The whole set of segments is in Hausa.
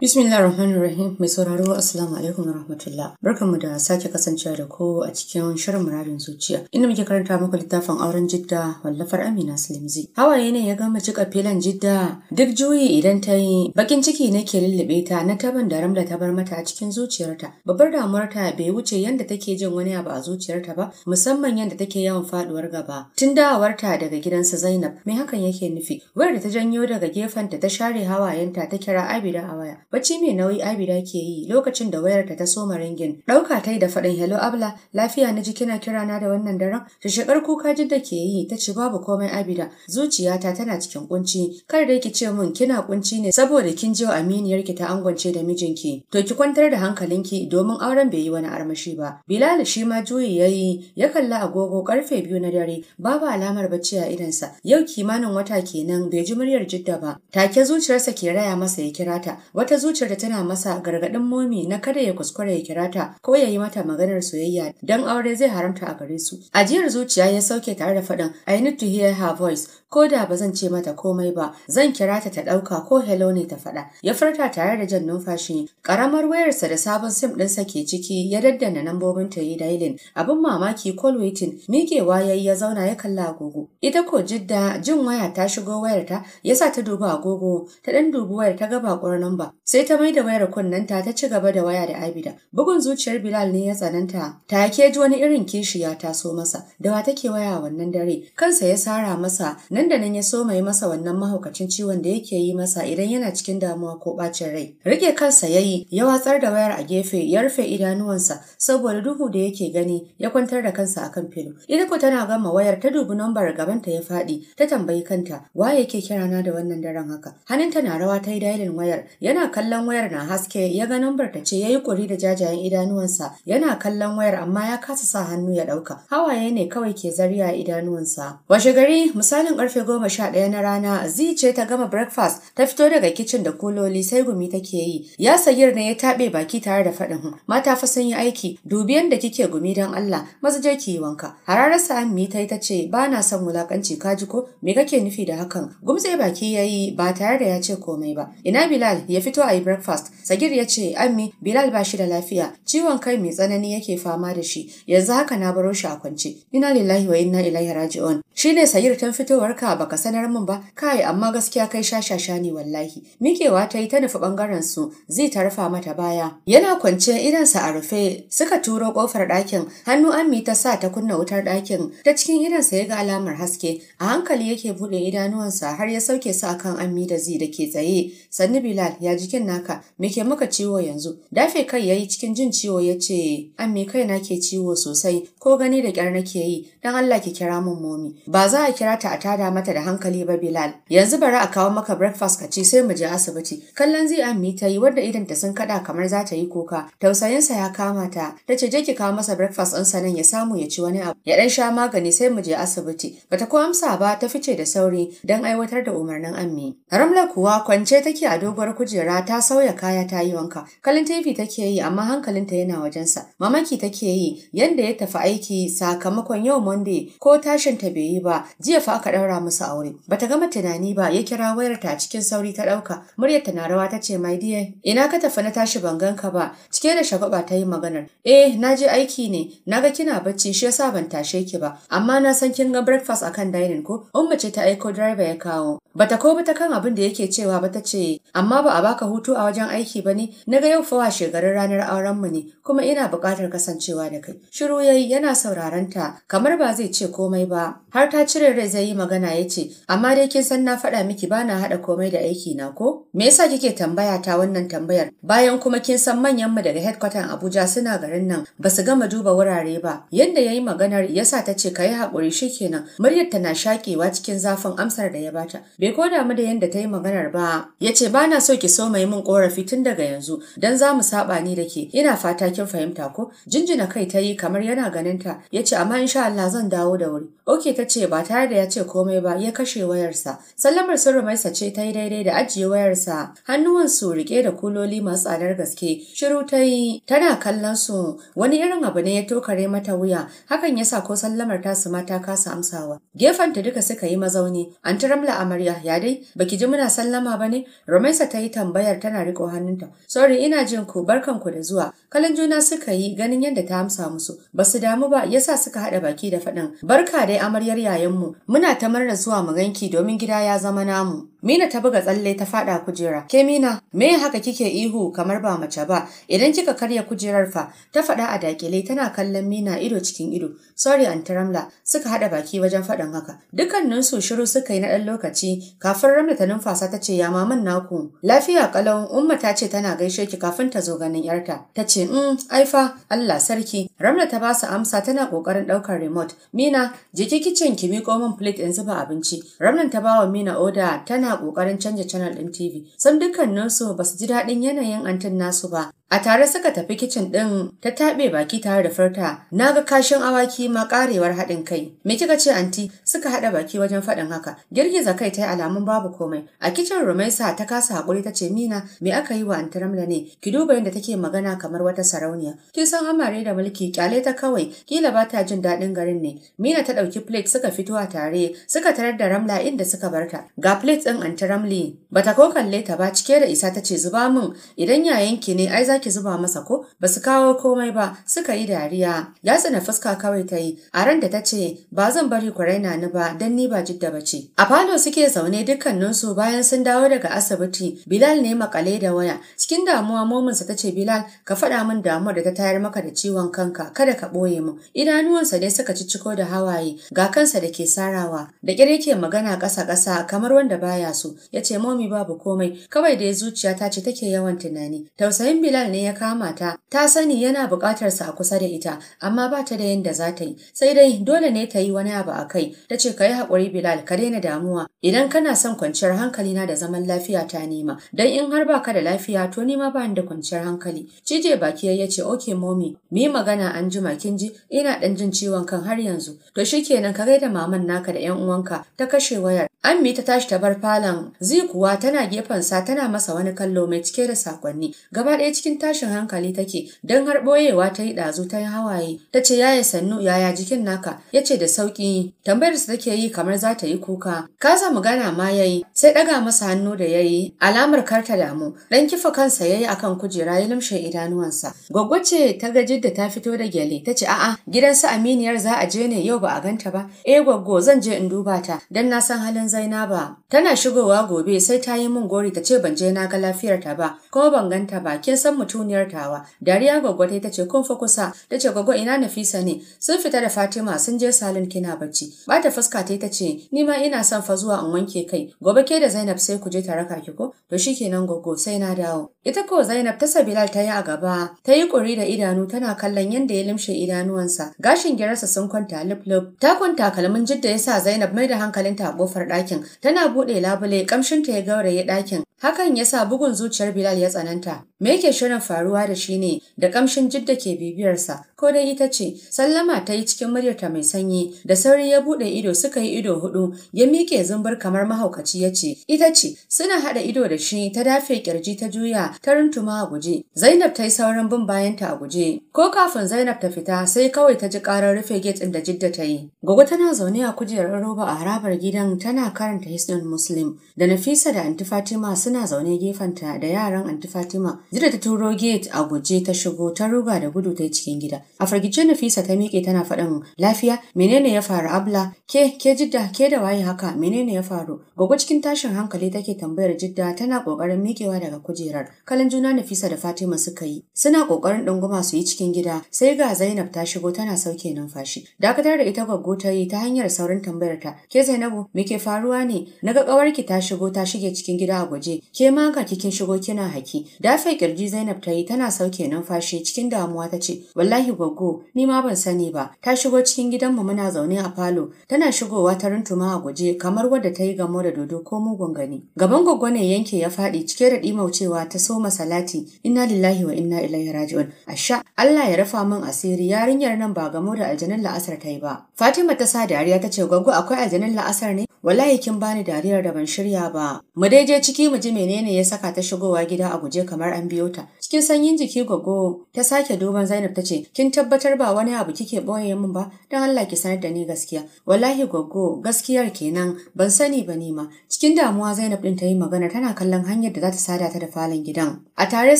Bismillah Rahman Rahim mai sauraro Assalamu alaikum wa rahmatullah. Barkanmu da sake kasancewa da ku a cikin shirin muradin zuciya. Inda muke karanta muku littafin auren Jidda wallafar Amina Slimzi. Hawaye ne ya gama cika filan Jidda duk juyi idan ta yi bakin ciki ke lullube ta na taban da ramla ta bar mata a cikin zuciyarta. Babbar damuwar ta bai wuce yanda take jin wani abu a zuciyarta ba musamman yanda take yawan faduwar gaba. Tun dawarta daga gidansa Zainab me hakan yake nufi? Wayar da ta janyo daga gefen ta ta share hawayenta ta kira Abida a waya. Bacci mai nauyi Abida ke yi lokacin da wayarta ta soma ringin. Ɗauka ta yi da faɗin Hello Abla, lafiya na ji kina kira na da wannan daren? Shigar kuka jidda ke yi ta ce babu komai Abida, zuciyata tana cikin kunci. Kar da ki ce mun kina kunci ne saboda kin ji aminiyar ki ta angwance da mijinki. To ki kwantar da hankalinki domin auren bai yi wani armashi ba. Bilal shi ma juyi yayi ya kalla agogo karfe biyu na dare babu alamar bacci a idansa. Yau kimanin wata kenan bai ji muryar jidda ba. Take zuciyarsa ke raya masa ya kira ta. Wata zuciyar tana masa gargaɗin momi na kada ya kuskure ya kira ta ko ya yi mata maganar soyayya don aure zai haramta a gare su. Ajiyar zuciya ya sauke tare da faɗin I need to hear her voice ko da ba zan ce mata komai ba zan kira ta ta ɗauka ko hello ne ta faɗa ya furta tare da jan numfashi ƙaramar wayarsa da sabon sim ɗinsa ke ciki ya daddana lambobin ta yi dailin abin mamaki call waiting miƙewa ya yi ya zauna ya kalla agogo ita ko jidda jin waya ta shigo wayarta ya sa ta duba agogo ta ɗan dubi wayar ta ga bakwar namba sai ta mai da wayar kunnenta ta ci gaba da waya da abida bugun zuciyar bilal ne ya tsananta ta ke ji wani irin kishi ya taso masa da wa take waya wannan dare kansa ya sara masa na nan da nan ya so mai masa wannan mahaukacin ciwon da yake yi masa idan yana cikin damuwa ko bacin rai rike kansa ya yi ya watsar da wayar a gefe ya rufe idanuwansa saboda duhu da yake gani ya kwantar da kansa akan filo ita tana gama wayar ta dubi nambar gaban ta ya faɗi ta tambayi kanta wa yake kira na da wannan daren haka hannun tana rawa ta yi dailin wayar yana kallon wayar na haske ya ga nambar ta ce ya yi ƙuri da jajayen idanuwansa yana kallon wayar amma ya kasa sa hannu ya ɗauka hawaye ne kawai ke zariya idanuwansa washe gari misalin karfe goma sha ɗaya na rana zi ce ta gama breakfast ta fito daga kicin da kuloli sai gumi take yi ya sayir ne ya taɓe baki tare da faɗin mata fa sun yi aiki dubiyan da kike gumi don Allah maza je ki yi wanka hararar sa ammi ta yi ta ce ba na son wulaƙanci ka ji ko me kake nufi da hakan gumtse baki ya yi ba tare da ya ce komai ba ina Bilal ya fito a yi breakfast Sagir ya ce ammi Bilal ba shi da lafiya ciwon kai mai tsanani yake fama da shi yanzu haka na baro shi a kwance ina lillahi wa inna ilaihi raji'un shine Sagir tun fitowar haka baka sanar min ba kai amma gaskiya kai shashasha ne wallahi mikewa ta yi ta nufi bangaren su zai ta rufa mata baya yana kwance idansa a rufe suka turo kofar ɗakin hannu ammi ta sa ta kunna wutar ɗakin ta cikin idansa ya ga alamar haske a hankali yake buɗe idanuwansa har ya sauke su akan ammi da zai da ke tsaye sannu bilal ya jikin naka muke muka ciwo yanzu dafe kai yayi cikin jin ciwo yace ammi kai na ke ciwo sosai ko gani da kyar nake yi don Allah ki kira mun momi ba za a kira ta a tada mata da hankali ba Bilal yanzu bari a kawo maka breakfast ka ci sai mu je asibiti kallon zai ammi ta yi wadda idan ta sun kada kamar za ta yi kuka tausayinsa ya kama ta ta ce je ki kawo masa breakfast ɗinsa nan ya samu ya ci wani abu ya ɗan sha magani sai mu je asibiti bata ko amsa ba ta fice da sauri don aiwatar da umarnin ammi Ramla kuwa kwance take a doguwar kujera ta sauya kaya ta yi wanka kallon TV take yi amma hankalinta yana wajensa mamaki take yi yadda ya tafi aiki sakamakon yau Monday ko tashin ta bai yi ba jiya fa aka ɗaura musu aure. Bata gama tunani ba ya kira wayar ta cikin sauri ta ɗauka. Muryar ta na rawa ta ce my dear ina ka tafi na tashi ban ganka ba. Cike da shagaba ta yi maganar. Eh na je aiki ne na ga kina bacci shi yasa ban tashe ki ba amma na san kin ga breakfast akan dining ko umma ce ta aiko driver ya kawo. Bata ko ta kan abin da yake cewa ba ta ce, amma ba a baka hutu a wajen aiki ba ne, na ga yau fawa shekarun ranar aurenmu ne, kuma ina buƙatar kasancewa da kai. Shiru ya yi yana sauraron ta, kamar ba zai ce komai ba, har ta cire rai zai yi magana ya ce, amma dai kin san na faɗa miki ba na haɗa komai da aiki na ko? Me yasa kike tambaya ta wannan tambayar? Bayan kuma kin san manyan mu daga headquarter Abuja suna garin nan, ba su gama duba wurare ba. Yanda yayi maganar yasa ta ce ka yi haƙuri shikenan, muryar ta na shaƙewa cikin zafin amsar da ya bata. bai ko damu da yadda ta yi maganar ba ya ce ba na so ki so mai min korafi tun daga yanzu don za mu saba ni da ke ina fata kin fahimta ko jinjina kai ta yi kamar yana ganinta ya ce amma insha Allah zan dawo da wuri oke ta ce ba tare da ya ce komai ba ya kashe wayarsa sallamar surmaisa ce ta yi daidai da ajiye wayarsa hannuwan su rike da kuloli masu tsadar gaske shiru ta yi tana kallon su wani irin abu ne ya tokare mata wuya hakan ya sa ko sallamar tasu ma ta kasa amsawa Gefen ta duka suka yi mazauni an taramla amarya Hajiya, ya dai, baki ji muna sallama ba ne? Romaisa ta yi tambayar tana riko hannunta. Sorry, ina jin ku, barkan ku da zuwa. Kalan juna suka yi ganin yadda ta amsa musu. Ba su damu ba, yasa suka haɗa baki da faɗin. Barka dai amaryar yayanmu, muna ta murna zuwa mu ganki domin gida ya zama namu. Mina ta buga tsalle ta fada kujera. Ke Mina, me haka kike ihu kamar ba mace ba? Idan kika karya kujerar fa, ta fada a dakile tana kallon Mina ido cikin ido. Sorry Aunty Ramla, suka hada baki wajen fadan haka. Dukkanin su shiru suka yi na dan lokaci, kafin Ramla ta numfasa ta ce ya maman naku. Lafiya kalau Umma ta ce tana gaishe ki kafin ta zo ganin yarta. Ta ce, "Mm, ai Allah sarki." Ramla ta ba su amsa tana kokarin daukar remote. Mina, je ki kitchen ki miƙo min plate in zuba abinci. Ramlan ta ba wa Mina oda tana yana ƙoƙarin canja channel ɗin TV. Sam dukkaninsu ba su ji daɗin yanayin antin nasu ba. A tare suka tafi kicin ɗin ta taɓe baki tare da furta, na ga kashin awaki ma ƙarewar haɗin kai. Me kika ce anti suka haɗa baki wajen faɗin haka, girgiza kai ta yi alamun babu komai. A kicin Rumaisa ta kasa haƙuri ta ce Mina me aka yi wa anti Ramla ne, ki duba yadda take magana kamar wata sarauniya. Kin san amare da mulki kyale ta kawai, kila ba ta jin daɗin garin ne. Mina ta ɗauki plate suka fito a tare, suka tarar da Ramla inda suka barta. Ga plate ɗin ngan charam Bata ko kalle ta ba cike da isa ta ce zuba min idan ki ne ai zaki zuba masa ko ba su kawo komai ba suka yi dariya. Ya tsina fuska kawai ta yi a ran da ta ce ba zan bari ku raina ni ba dan ni ba jidda ba ce. A falo suke zaune dukkaninsu bayan sun dawo daga asibiti Bilal ne makale da waya cikin damuwa mominsa ta ce Bilal ka faɗa min damuwar da ta tayar maka da ciwon kanka kada ka ɓoye mu Idanuwansa ne suka cicciko da hawaye ga kansa da ke sarawa da ƙyar magana ƙasa-ƙasa kamar wanda baya so ya ce momi komi babu komai kawai da ya zuciya ta ce take yawan tunani tausayin Bilal ne ya kama ta ta sani yana buƙatar sa a kusa da ita amma ba ta da yanda za ta yi sai dai dole ne ta yi wani abu a kai ta ce ka yi haƙuri Bilal ka daina damuwa idan kana son kwanciyar hankali na da zaman lafiya ta nema dan in har baka da lafiya to nima ba ni da kwanciyar hankali cije baki ya ce okay momi mi magana an jima kin ji ina dan jin ciwon kan har yanzu to shikenan ka gaida maman naka da yan uwanka ta kashe wayar Ammi ta tashi ta bar falon Zai kuwa tana sa tana masa wani kallo mai cike da sakonni. Gaba ɗaya cikin tashin hankali take don har ɓoyewa ta yi ɗazu ta yi hawaye. Ta ce yaya sannu yaya jikin naka ya ce da sauƙi tambayar su take yi kamar za ta yi kuka. Kasa gana ma ya yi sai ɗaga masa hannu da ya yi alamar kar ta damu. Ɗan kifa kansa ya yi kan kujera ya lumshe idanuwansa. Gwaggwa ce ta ga da ta fito da gyale ta ce a'a gidan su aminiyar za a je ne yau ba a ganta ba. Eh gwaggo zan je in duba ta don na san halin Zainaba. Tana shigowa gobe sai ta yi min gori ta ce ban je na ga lafiyar ba, kuma ban ganta ba, kin san mutuniyar tawa. Dariya goggo ta ce kun fa kusa, ta ce gwaggo ina Nafisa ne. Sun fita da Fatima sun je salon kina bacci. Bata fuska ta ce ni ma ina son fa zuwa in wanke kai. Gobe ke da Zainab sai ku je ta raka ki ko? To shikenan gwaggo sai na dawo. Ita ko Zainab ta Sabilal ta yi a gaba, ta yi kuri da idanu tana kallon yadda ya limshe idanuwansa. Gashin girarsa sun kwanta lip-lip. Ta kwanta kalmin jidda ya sa Zainab mai da hankalinta a kofar ɗaki. ɗakin. Tana buɗe labule kamshinta ya gauraye ɗakin Hakan ya sa bugun zuciyar Bilal ya tsananta. Me yake shirin faruwa da shi ne da kamshin jidda ke bibiyarsa, ko dai ita ce, sallama ta yi cikin muryarta mai sanyi, da sauri ya buɗe ido suka yi ido hudu, ya miƙe zumbur kamar mahaukaci ya ce, ita ce, suna haɗa ido da shi ta dafe kirji ta juya ta runtuma a guje. Zainab ta yi saurin bin bayanta a guje, ko kafin Zainab ta fita sai kawai ta ji ƙarar rufe gate ɗin da jidda ta yi. Gogo tana zaune a kujerar roba a harabar gidan tana karanta hisnan Muslim, da Nafisa da Anti Fatima sun suna zaune gefenta da yaran anti Fatima. Jira ta turo gate a guje ta shigo ta ruga da gudu ta cikin gida. A firgice Nafisa ta miƙe tana faɗin lafiya menene ya faru Abla ke ke Jidda ke da waye haka menene ya faru? Gogo cikin tashin hankali take tambayar Jidda tana ƙoƙarin miƙewa daga kujerar. Kalan juna Nafisa da Fatima suka yi. Suna ƙoƙarin ɗunguma su yi cikin gida sai ga Zainab ta shigo tana sauke numfashi. Dakatar da ita gwaggo ta yi ta hanyar saurin tambayar ta. Ke Zainabu me ke faruwa ne? Naga ƙawarki ta shigo ta shige cikin gida a guje ke ma ga kikin shigo kina haki. Dafe kirji Zainab ta yi tana sauke numfashi cikin damuwa ta ce, wallahi goggo, ni ma ban sani ba. Ta shigo cikin gidanmu muna zaune a falo, tana shigowa ta runtuma a guje kamar wadda ta yi gamo da dodo ko mugun gani. Gaban goggo ne yanke ya faɗi cike da ɗimaucewa ta so salati, inna lillahi wa inna ilaihi raji'un. Asha, Allah ya rafa min asiri yarinyar nan ba gamo da aljanin la'asar ta yi ba. Fatima ta sa dariya ta ce goggo akwai aljanin la'asar ne? wallahi kin bani dariyar da ban shirya ba mu dai je ciki mu ji menene ya saka ta shigowa gida a guje kamar an biyo ta cikin sanyin jiki gogo ta sake duban Zainab ta ce kin tabbatar ba wani abu kike boye min ba dan Allah ki sanar da ni gaskiya wallahi gogo gaskiyar kenan ban sani ba ni ma cikin damuwa Zainab din ta yi magana tana kallon hanyar da za ta sada ta da falon gidan a tare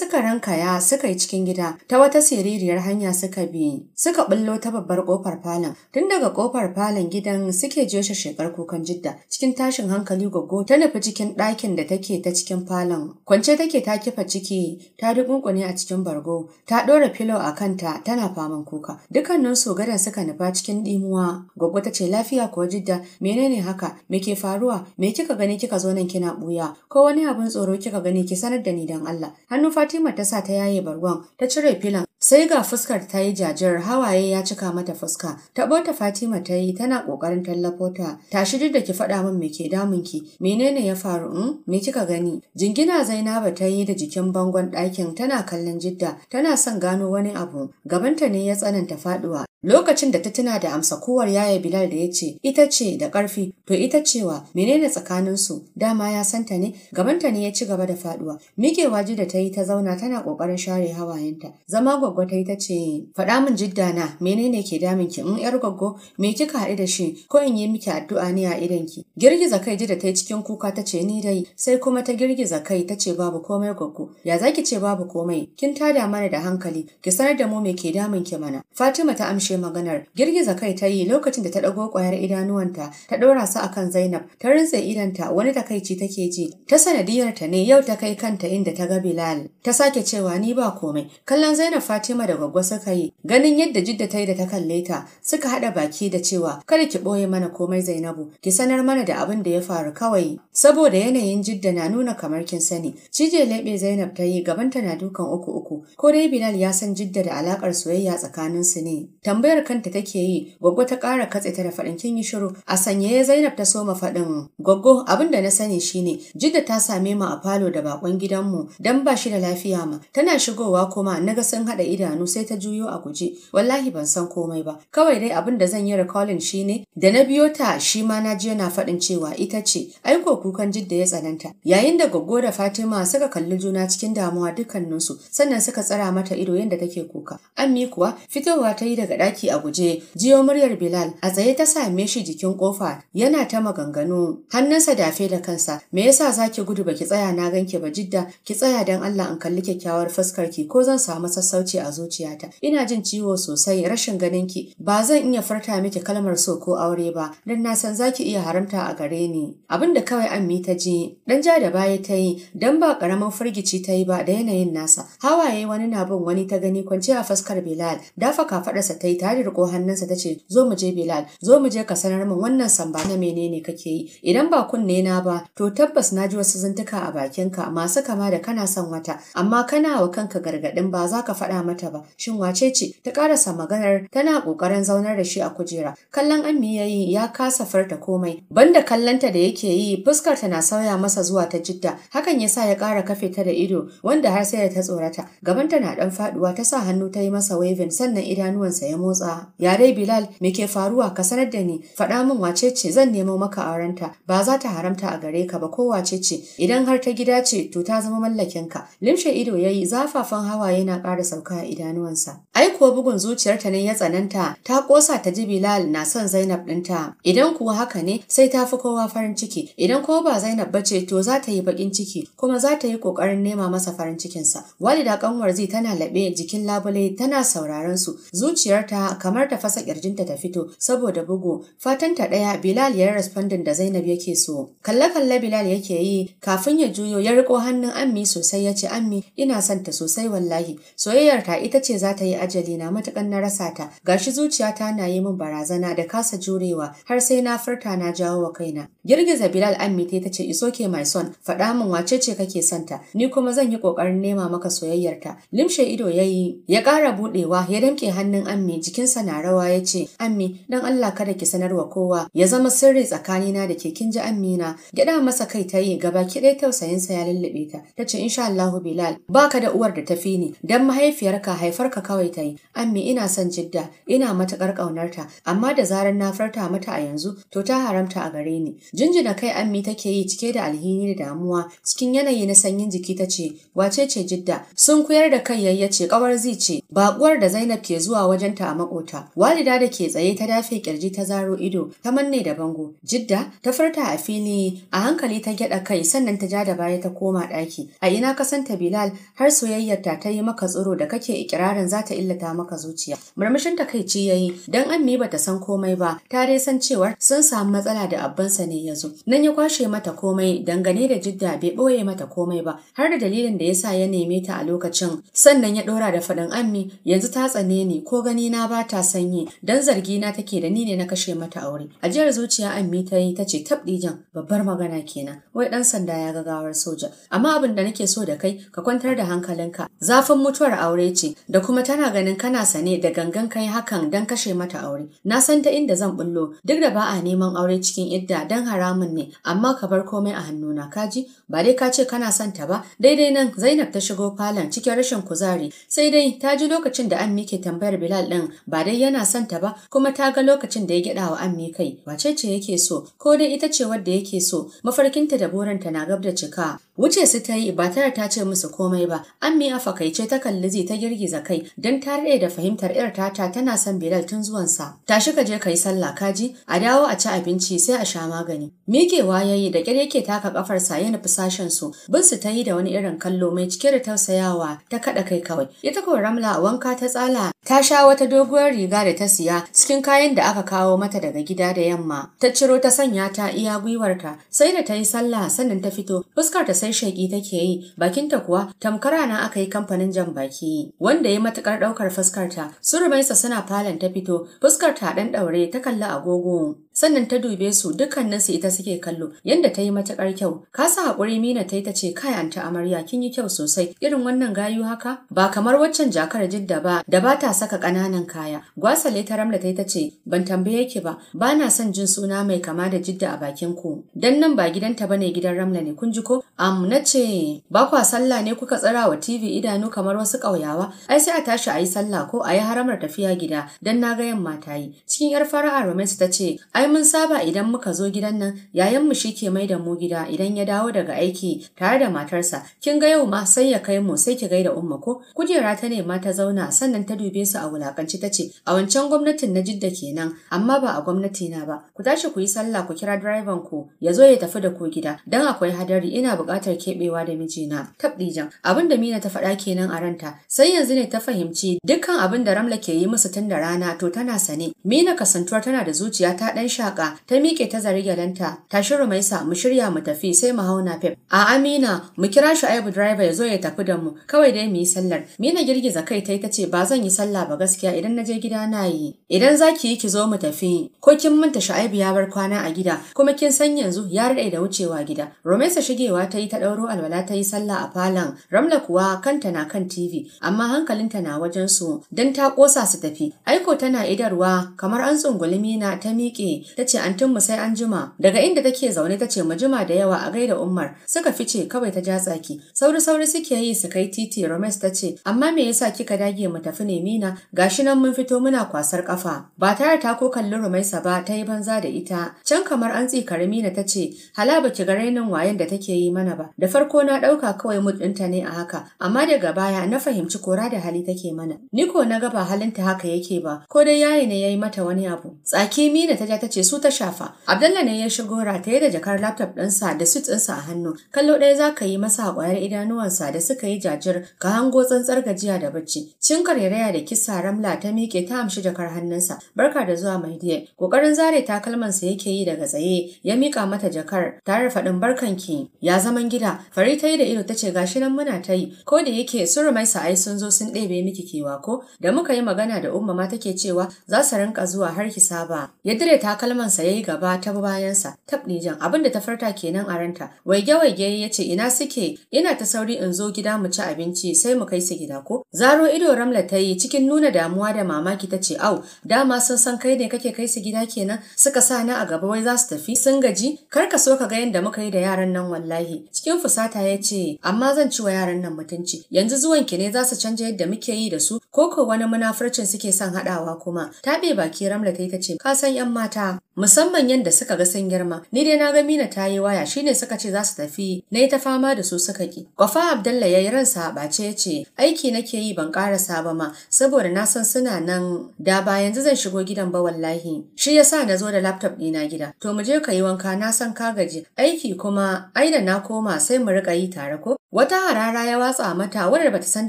suka rankaya suka yi cikin gida ta wata siririyar hanya suka bi suka bullo ta babbar kofar falon tun daga kofar falon gidan suke joshe shekar kukan jidda ta cikin tashin hankali goggo ta nufi cikin ɗakin da take ta cikin falon. Kwance take ta kifa ciki ta dukunkune a cikin bargo ta ɗora filo a kanta tana faman kuka. Dukkanin su gadan suka nufa cikin ɗimuwa. Goggo ta ce lafiya ko jidda menene haka me ke faruwa me kika gani kika zo nan kina ɓuya ko wani abin tsoro kika gani ki sanar da ni dan Allah. Hannu Fatima ta sa ta yaye bargon ta cire filon sai ga fuskar ta yi jajir hawaye ya cika mata fuska. ta bota Fatima ta yi tana ƙoƙarin tallafo ta tashi duk da ki faɗa min me ke damun ki? menene ya faru in hmm? me kika gani jingina Zainaba ta yi da jikin bangon ɗakin tana kallon Jidda tana son gano wani abu gabanta ne ya tsananta faɗuwa lokacin da ta tuna da amsa kowar yaya Bilal da ya ce ita ce da ƙarfi to ita cewa menene tsakanin su dama ya santa ne gabanta ne ya ci gaba da faduwa mikewa ji da ta yi ta zauna tana kokarin share hawayenta zama gwaggo ta yi ta ce faɗa min jidda na menene ke damin ki in yar gwaggo me kika haɗu da shi ko in yi miki addu'a ne a idan ki girgiza kai ji da ta yi cikin kuka ta ce ni dai sai kuma ta girgiza kai ta ce babu komai gwaggo ya zaki ce babu komai kin tada mana da hankali ki sanar da mu me ke damin ki mana Fatima ta amshe maganar girgiza kai ta yi lokacin da ta ɗago ƙwayar idanuwanta ta ɗora su a kan Zainab ta rintse idanta wani takaici take ji ta sanadiyar ta ne yau ta kai kanta inda ta ga Bilal ta sake cewa ni ba komai kallon Zainab Fatima da Goggo suka yi ganin yadda Jidda ta yi da ta kalle ta suka haɗa baki da cewa kada ki ɓoye mana komai Zainabu ki sanar mana da abin da ya faru kawai saboda yanayin Jidda na nuna kamar kin sani cije leɓe Zainab ta yi gabanta na dukan uku uku ko dai Bilal ya san Jidda da alaƙar soyayya tsakaninsu ne tambayar kanta take yi gwaggo ta ƙara katse ta da faɗin kin yi shiru a sanyaye Zainab ta soma faɗin gwaggo abin da na sani shine jidda ta same mu a falo da bakon gidanmu dan ba shi da lafiya ma tana shigowa kuma naga sun haɗa idanu sai ta juyo a guje wallahi ban san komai ba kawai dai abin da zan yi recalling shine da na biyo ta shi ma na ji yana faɗin cewa ita ce aiko kukan jidda ya tsananta yayin da gwaggo da Fatima suka kalli juna cikin damuwa dukkaninsu sannan suka tsara mata ido yadda take kuka ammi kuwa fitowa ta yi daga ɗaki a guje jiyo muryar Bilal a tsaye ta same shi jikin kofa yana ta maganganu hannunsa dafe da kansa me yasa zaki gudu baki tsaya na ganke ba jidda ki tsaya dan Allah in kalli kyakkyawar fuskar ki ko zan samu sassauci a zuciyata ina jin ciwo sosai rashin ganin ki ba zan iya farta miki kalmar so ko aure ba dan na san zaki iya haramta a gare ni abinda kawai ammi ta ji dan ja da baya ta yi dan ba karamin firgici ta yi ba da yanayin nasa hawaye wani na bin wani ta gani kwance a fuskar Bilal dafa kafadarsa ta tare da ko hannunsa ta ce zo mu je Bilal zo mu je ka sanar min wannan samba na menene kake yi idan ba kunne na ba to tabbas na ji wasu zantuka a bakinka masu kama da kana son wata amma kana wa kanka gargadin ba za ka faɗa mata ba shin wace ce ta karasa maganar tana kokarin zaunar da shi a kujera kallon ammi yayi ya kasa farta komai banda kallonta da yake yi fuskar ta na sauya masa zuwa ta jidda hakan ya sa ya ƙara kafe ta da ido wanda har sai da ta tsorata gaban ta na dan faduwa ta sa hannu ta yi masa waving sannan idanuwansa ya motsa ya dai bilal me ke faruwa ka sanar da ni faɗa min wace ce zan nemo maka aurenta ba za ta haramta a gare ka ba ko wace ce idan har ta gida ce to ta zama mallakin ka limshe ido yayi zafafan hawa yana ƙara sauka a idanuwansa ai kuwa bugun zuciyarta ne ya tsananta ta ƙosa ta ji bilal na son zainab ɗinta idan kuwa haka ne sai ta fi kowa farin ciki idan ko ba zainab ba ce to za ta yi baƙin ciki kuma za ta yi ƙoƙarin nema masa farin cikinsa walida kanwar zai tana laɓe jikin labule tana sauraron su zuciyarta ta kamar ta fasa kirjinta ta fito saboda bugu fatanta ɗaya Bilal ya respondin da Zainab yake so kalle kalle Bilal yake yi kafin ya juyo ya riko hannun Ammi sosai ya ce Ammi ina son ta sosai wallahi soyayyar ta ita ce za ta yi ajali na matukan na rasa ta gashi zuciya ta na yi min barazana da kasa jurewa har sai na furta na jawo wa kaina girgiza Bilal Ammi ta ce iso ke my son faɗa min wace ce kake son ta ni kuma zan yi ƙoƙarin nema maka soyayyar ta limshe ido yayi ya ƙara buɗewa ya damke hannun Ammi jikinsa na rawa ya ce, Ammi, don Allah kada ki sanarwa kowa, ya zama sirri tsakanina da ke kin ji Amina. Gyaɗa masa kai ta yi gaba ki ɗaya tausayinsa ya lullube ta. Ta ce, Insha Allahu Bilal, baka da uwar da ta fi ni, don mahaifiyarka haifarka kawai ta yi. Ammi ina son jidda, ina matuƙar ƙaunarta, amma da zarar na farta mata a yanzu, to ta haramta a gare ni. Jinjina kai Ammi take yi cike da alhini da damuwa, cikin yanayi na sanyin jiki ta ce, Wace ce jidda? Sun kuyar da kai yayyace kawar zai ce, baƙuwar da Zainab ke zuwa wajenta a makota. Walida da ke tsaye ta dafe kirji ta zaro ido, ta manne da bango. Jidda ta furta a fili a hankali ta gyada kai sannan ta ja da baya ta koma daki. A ina ka santa Bilal har soyayyar ta ta yi maka tsoro da kake ikirarin za ta illata maka zuciya. Murmushin takaici yayi dan Ammi ta san komai ba, ta dai san cewar sun samu matsala da abbansa ne ya Nan ya kwashe mata komai dangane da Jidda bai boye mata komai ba, har da dalilin da yasa ya neme ta a lokacin. Sannan ya ɗora da faɗin Ammi yanzu ta tsane ni ko gani na ba ta sanye dan zargi na take da ni ne na kashe mata aure ajiyar zuciya ammi ta yi tace tabdijan babbar magana kenan wai dan sanda ya ga gawar soja amma abin da nake so da kai ka kwantar da hankalinka zafin mutuwar aure ce da kuma tana ganin kana sane da gangan kai hakan dan kashe mata aure na san ta inda zan bullo duk da ba a neman aure cikin idda dan haramun ne amma ka bar komai a hannuna kaji ba dai ka ce kana son ta ba daidai nan Zainab ta shigo falon cikin rashin kuzari sai dai ta ji lokacin da Ammi ke tambayar Bilal din ba dai yana son ta ba kuma ta ga lokacin da ya gyaɗa wa ammi kai wace ce yake so ko dai ita ce wadda yake so mafarkinta da burinta na gab da cika wuce su ta yi ba tare ta ce musu komai ba ammi a fakaice ta kalli zai ta girgiza kai don ta rade da fahimtar 'yar tata tana son bilal tun zuwan zuwansa tashi ka je ka yi sallah kaji a dawo a ci abinci sai a sha magani miƙewa ya da ƙyar yake taka kafarsa sa yana sashen su bin su ta yi da wani irin kallo mai cike da tausayawa ta kaɗa kai kawai ita ko ramla a wanka ta tsala ta sha wata doguwar riga da ta siya cikin kayan da aka kawo mata daga gida da yamma. Ta ciro ta sanya ta iya gwiwarta, sai da ta yi sallah sannan ta fito, fuskar ta sai shaƙi take yi, bakinta kuwa tamkara na aka yi kamfanin jan baki. Wanda ya matukar ɗaukar fuskar ta, surumaisa suna falon ta fito, fuskar ta ɗan ɗaure ta kalli agogo. sannan ta dube su dukkaninsu ita suke kallo yadda ta yi matakar kyau kasa haƙuri mina ta yi ta ce kai anta amarya kin yi kyau sosai irin wannan gayu haka ba kamar waccan jakar jidda ba da ba ta saka ƙananan kaya gwasale ta ramla ta yi ta ce ban tambaye ki ba ba na son jin suna mai kama da jidda a bakin ku dan nan ba gidanta ba ne gidan ramla ne kun ji ko am na ce ba kwa sallah ne kuka tsara wa tv idanu kamar wasu ƙauyawa ai sai a tashi a yi sallah ko a yi haramar tafiya gida dan na ga yamma ta yi cikin yar fara'a romance ta ce ai Ai mun saba idan muka zo gidan nan yayanmu shi ke mai da mu gida idan ya dawo daga aiki tare da matarsa. Kin ga yau ma sai ya kai mu sai ki gaida umma ko? Kujera ta ne ma ta zauna sannan ta dube su a wulakanci ta ce a wancan gwamnatin na jidda kenan amma ba a gwamnati na ba. Ku tashi ku yi sallah ku kira direban ku ya zo ya tafi da ku gida Don akwai hadari ina buƙatar keɓewa da mijina. Tabdijan abin da Mina ta faɗa kenan a ranta sai yanzu ne ta fahimci dukkan abin da Ramla ke yi musu tun da rana to tana sane. Mina kasantuwar tana da zuciya ta ɗan shaka ta miƙe ta zari galanta. ta shiru mai sa mu shirya mu tafi sai mu hauna napep. a amina mu kira shu'aibu driver ya zo ya tafi da mu kawai dai mu yi sallar mina girgiza kai ta ta ce ba zan yi sallah ba gaskiya idan na je gida na yi idan za ki yi ki zo mu tafi ko kin manta shu'aibu ya bar kwana a gida kuma kin san yanzu ya rade da wucewa gida romesa shigewa ta yi ta ɗauro alwala ta yi sallah a falon ramla kuwa kanta na kan tv amma hankalinta na wajen su Dan ta ƙosa su tafi aiko tana idarwa kamar an tsunguli na ta miƙe ta ce antinmu sai an jima daga inda take zaune ta ce mu jima da yawa a gaida Umar suka fice kawai ta ja tsaki sauri sauri suke yi su kai titi Romes ta ce amma me yasa kika dage mu tafi ne Mina gashi nan mun fito muna kwasar kafa ba tare ta ko kallon Rumaisa ba ta yi banza da ita can kamar an tsikari Mina ta ce hala baki ga rainin wayen da take yi mana ba da farko na dauka kawai mood ɗinta ne a haka amma daga baya na fahimci kora da hali take mana Niko na ga ba halinta haka yake ba ko dai yayi ne yayi mata wani abu tsaki Mina ta ja ta ce ce su ta shafa. Abdallah ne ya shigo rataye da jakar laptop ɗinsa da suit ɗinsa a hannu. Kallo ɗaya za ka yi masa ƙwayar idanuwansa da suka yi jajir ka hango tsantsar gajiya da bacci. Cin karyaraya da kisa ramla ta miƙe ta amshi jakar hannunsa. Barka da zuwa mai diye. Ƙoƙarin zare takalmansa yake yi daga tsaye ya miƙa mata jakar tare faɗin barkan ki. Ya zaman gida. Fari ta yi da ido ta ce gashi nan muna ta yi. Ko da yake sun sa ai sun zo sun ɗebe miki kewa ko da muka yi magana da umma ma take cewa za su rinka zuwa har ki saba. Ya dire takalmansa ya yi gaba ta bayansa tab nijan abin da ta farta kenan a ranta waige waige ya ce ina suke ina ta sauri in zo gida mu ci abinci sai mu kai su gida ko zaro ido ramla ta yi cikin nuna damuwa da mamaki ta ce au dama sun san kai ne kake kai su gida kenan suka sa ni a gaba wai za su tafi sun gaji kar ka so ka ga yadda muka yi da yaran nan wallahi cikin fusata ya ce amma zan ci wa yaran nan mutunci yanzu zuwan ki ne za su canja yadda muke yi da su ko ko wani munafurcin suke son haɗawa kuma taɓe baki ramla ta yi ta ce ka san 'yan mata да. musamman yadda suka ga sun girma ni dai na ga mina ta yi waya shine suka ce za su tafi na yi ta fama da su suka ki kwafa Abdullahi ya yi ransa a ɓace ya ce aiki nake yi ban ƙarasa ba ma saboda na san suna nan da ba yanzu zan shigo gidan ba wallahi shi yasa na zo da laptop ɗina gida to mu je ka yi wanka na san ka gaji aiki kuma ai da na koma sai mu riƙa yi tare ko Wata harara ya watsa mata wadda bata san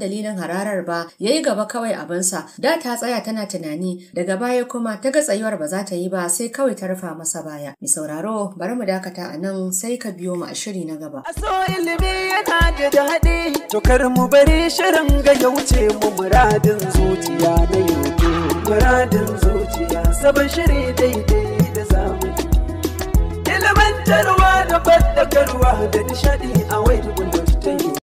dalilin hararar ba ya yi gaba kawai abinsa da ta tsaya tana tunani daga baya kuma ta ga tsayuwar ba za ta yi ba sai kawai ta rufa masa baya. Mai sauraro bari mu dakata a nan sai ka biyo mu a shiri na gaba. A so ilimi yana da daɗi, to kar mu bari shirin ga ya wuce mu muradin zuciya na yau. Muradin zuciya sabon shiri daidai da zamani. Ilimantarwa da fadakarwa da nishaɗi a wai tukun da